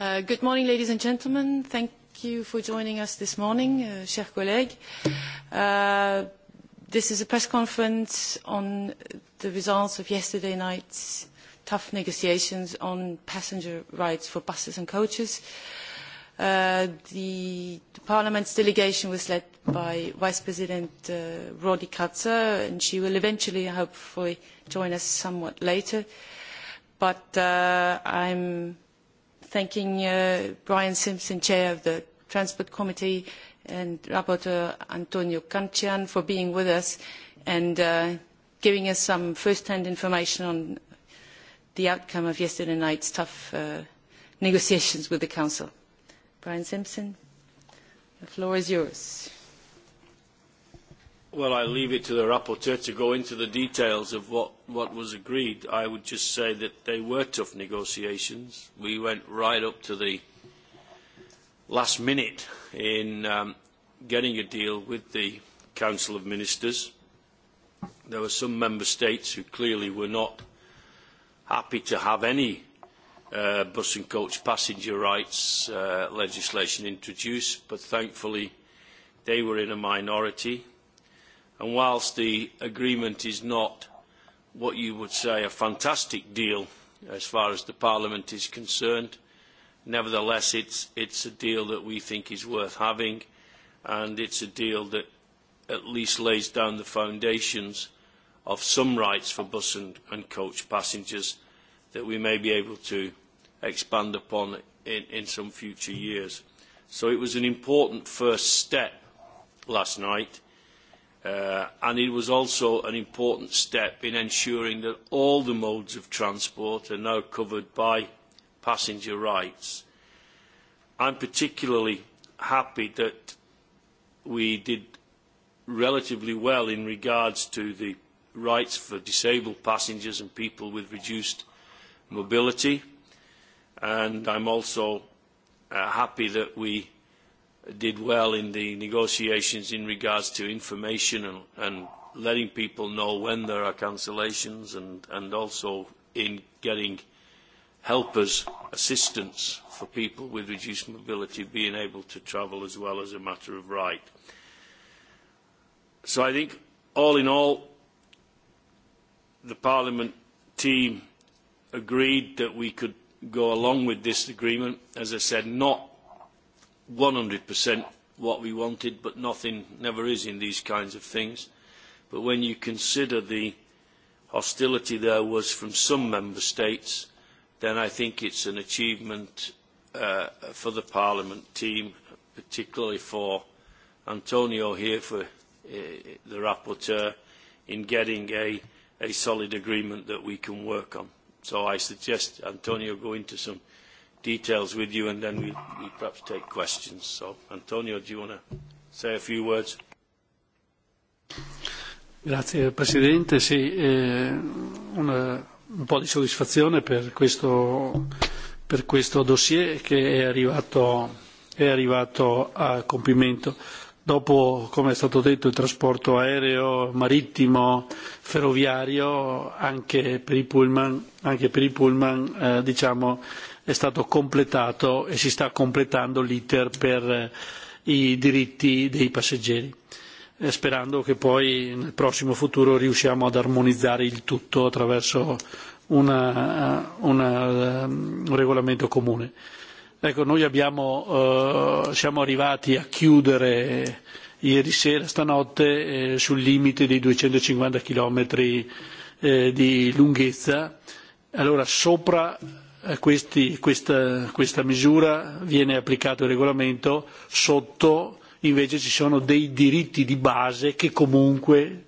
Good morning, ladies and gentlemen. Thank you for joining us this morning, chers collègues. This is a press conference on the results of yesterday night's tough negotiations on passenger rights for buses and coaches. The Parliament's delegation was led by Vice President Roddy Katzer, and she will eventually, hopefully, join us somewhat later. But I'm thanking Brian Simpson, Chair of the Transport Committee, and Rapporteur Antonio Cancian for being with us and giving us some first-hand information on the outcome of yesterday night's tough negotiations with the Council. Brian Simpson, the floor is yours. Well, I leave it to the rapporteur to go into the details of what what was agreed. I would just say that they were tough negotiations. We went right up to the last minute in getting a deal with the Council of Ministers. There were some member states who clearly were not happy to have any bus and coach passenger rights legislation introduced, but thankfully they were in a minority. And whilst the agreement is not what you would say a fantastic deal as far as Parliament is concerned, nevertheless it is a deal that we think is worth having and it's a deal that at least lays down the foundations of some rights for bus and coach passengers that we may be able to expand upon in some future years. So it was an important first step last night and it was also an important step in ensuring that all the modes of transport are now covered by passenger rights. I'm particularly happy that we did relatively well in regards to the rights for disabled passengers and people with reduced mobility, and I'm also happy that we did well in the negotiations in regards to information and letting people know when there are cancellations and also in getting helpers, assistance for people with reduced mobility being able to travel as well as a matter of right. So I think all in all the Parliament team agreed that we could go along with this agreement, as I said, not 100% what we wanted, but nothing never is in these kinds of things. But when you consider the hostility there was from some member states, then I think it's an achievement for the Parliament team, particularly for Antonio here, for the rapporteur, in getting a solid agreement that we can work on. So I suggest Antonio go into some details with you and then we we perhaps take questions. So, Antonio, do you want to say a few words? Grazie Presidente, sì, un po' di soddisfazione per questo, per questo dossier che è arrivato, è arrivato a compimento. Dopo, come è stato detto, il trasporto aereo, marittimo, ferroviario, anche per i pullman, anche per i pullman diciamo, è stato completato e si sta completando l'iter per i diritti dei passeggeri sperando che poi nel prossimo futuro riusciamo ad armonizzare il tutto attraverso un regolamento comune. Ecco, noi abbiamo, siamo arrivati a chiudere ieri sera, stanotte, sul limite dei 250 chilometri di lunghezza. Allora, sopra questa misura viene applicato il regolamento sotto invece ci sono dei diritti di base che comunque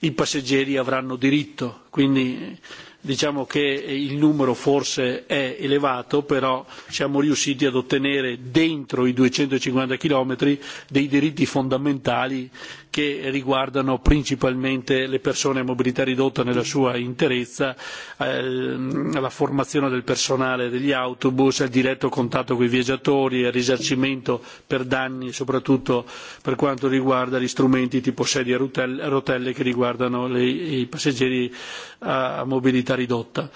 i passeggeri avranno diritto quindi diciamo che il numero forse è elevato però siamo riusciti ad ottenere dentro i 250 chilometri dei diritti fondamentali che riguardano principalmente le persone a mobilità ridotta nella sua interezza la formazione del personale degli autobus al diretto contatto con i viaggiatori al risarcimento per danni soprattutto per quanto riguarda gli strumenti tipo sedie a rotelle che riguardano i passeggeri a mobilità ridotta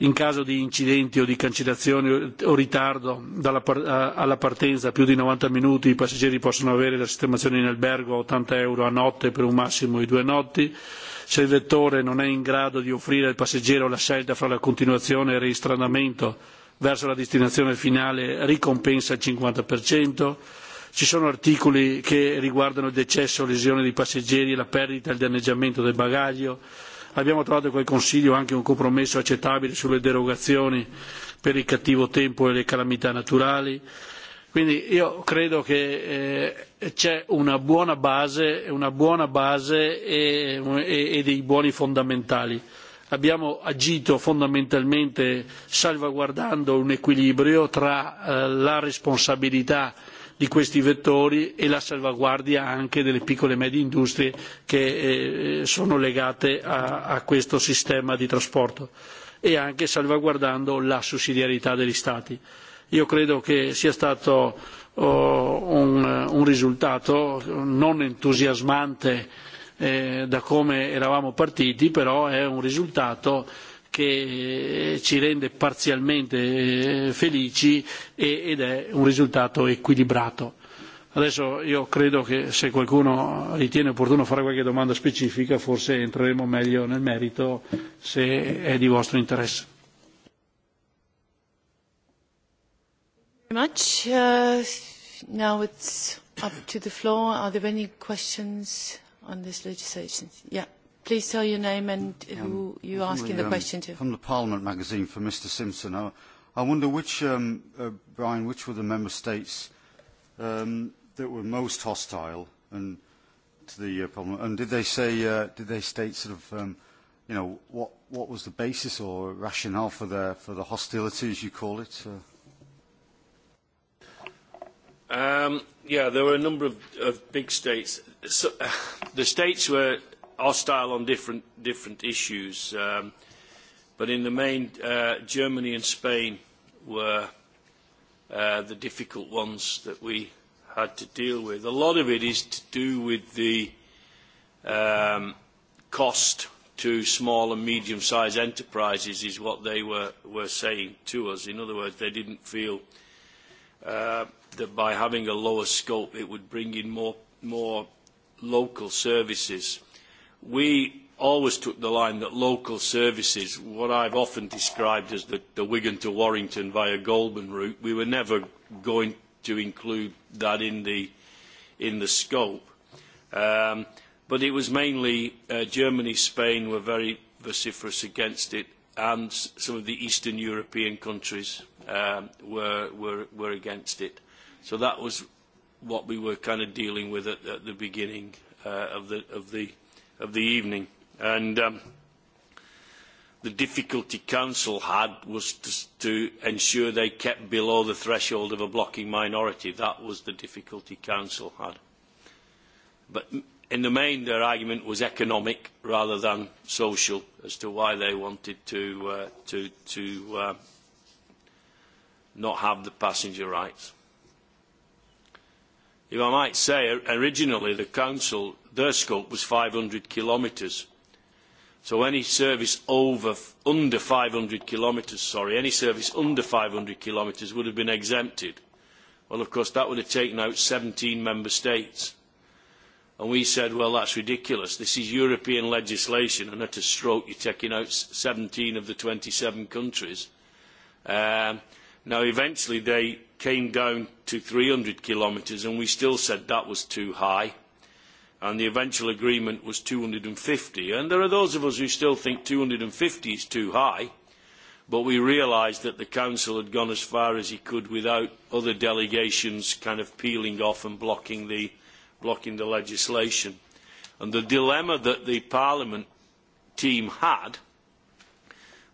in caso di incidenti o di cancellazione o ritardo alla partenza più di 90 minuti i passeggeri possono avere la sistemazione in albergo a 80 euro a notte per un massimo di due notti se il vettore non è in grado di offrire al passeggero la scelta fra la continuazione e il ristrandamento verso la destinazione finale ricompensa il 50% ci sono articoli che riguardano il decesso o lesione di passeggeri e la perdita e il danneggiamento del bagaglio abbiamo trovato il Consiglio anche un compromesso accettabile sulle derogazioni per il cattivo tempo e le calamità naturali. Quindi io credo che c'è una buona base, una buona base e dei buoni fondamentali. Abbiamo agito fondamentalmente salvaguardando un equilibrio tra la responsabilità di questi vettori e la salvaguardia anche delle piccole e medie industrie che sono legate a questo sistema di trasporto e anche salvaguardando la sussidiarietà degli Stati. Io credo che sia stato un risultato non entusiasmante da come eravamo partiti, però è un risultato che ci rende parzialmente felici ed è un risultato equilibrato. Adesso io credo che se qualcuno ritiene opportuno fare qualche domanda specifica forse entreremo meglio nel merito se è di vostro interesse. Please tell your name and who you're asking the question to. From the Parliament magazine for Mr. Simpson. I wonder which, Brian, which were the member states that were most hostile and to the problem? And did they say, did they state sort of, you know, what what was the basis or rationale for their for the hostility, as you call it? Yeah, there were a number of big states. The states were hostile on different issues. But in the main, Germany and Spain were the difficult ones that we had to deal with. A lot of it is to do with the cost to small and medium-sized enterprises is what they were saying to us. In other words, they didn't feel that by having a lower scope it would bring in more local services we always took the line that local services, what I've often described as the Wigan to Warrington via Goldman route, we were never going to include that in the in the scope. But it was mainly Germany, Spain were very vociferous against it, and some of the Eastern European countries were were against it. So that was what we were kind of dealing with at the beginning of the of the of the evening. And the difficulty Council had was to ensure they kept below the threshold of a blocking minority. That was the difficulty Council had. But in the main, their argument was economic rather than social as to why they wanted to not have the passenger rights if I might say, originally the council, their scope was 500 kilometres. So any service over, under 500 kilometres, sorry, any service under 500 kilometres would have been exempted. Well, of course, that would have taken out 17 member states. And we said, well, that's ridiculous. This is European legislation, and at a stroke you're taking out 17 of the 27 countries. Now, eventually they came down to 300 kilometres and we still said that was too high and the eventual agreement was 250. And there are those of us who still think 250 is too high, but we realised that the Council had gone as far as he could without other delegations kind of peeling off and blocking the legislation. And the dilemma that the Parliament team had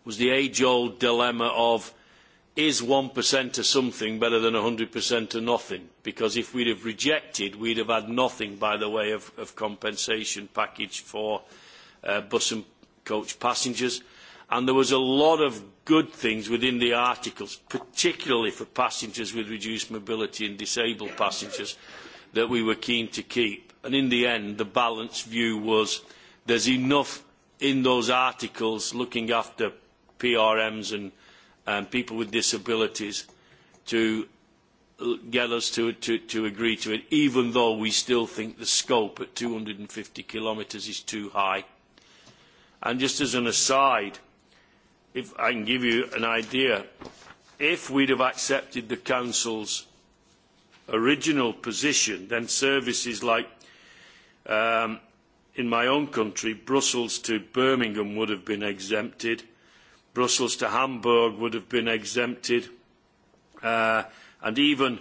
was the age-old dilemma of is 1% of something better than 100% of nothing? Because if we'd have rejected, we'd have had nothing by the way of compensation package for bus and coach passengers. And there was a lot of good things within the articles, particularly for passengers with reduced mobility and disabled passengers, that we were keen to keep. And in the end, the balanced view was there's enough in those articles looking after PRMs and and people with disabilities to get us to agree to it, even though we still think the scope at 250 kilometres is too high. And just as an aside, if I can give you an idea, if we'd have accepted the Council's original position, then services like, in my own country, Brussels to Birmingham would have been exempted Brussels to Hamburg would have been exempted. And even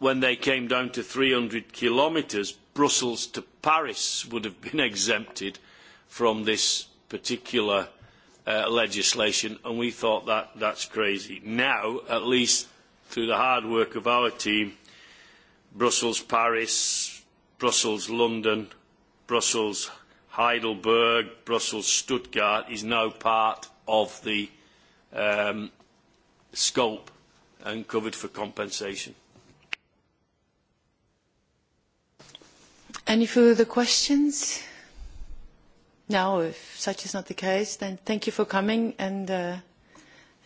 when they came down to 300 kilometres, Brussels to Paris would have been exempted from this particular legislation. And we thought that that's crazy. Now, at least through the hard work of our team, Brussels, Paris, Brussels, London, Brussels, Heidelberg, Brussels, Stuttgart is now part of the scope and covered for compensation. Any further questions? No, if such is not the case, then thank you for coming and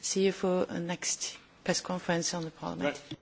see you for the next press conference on the Parliament.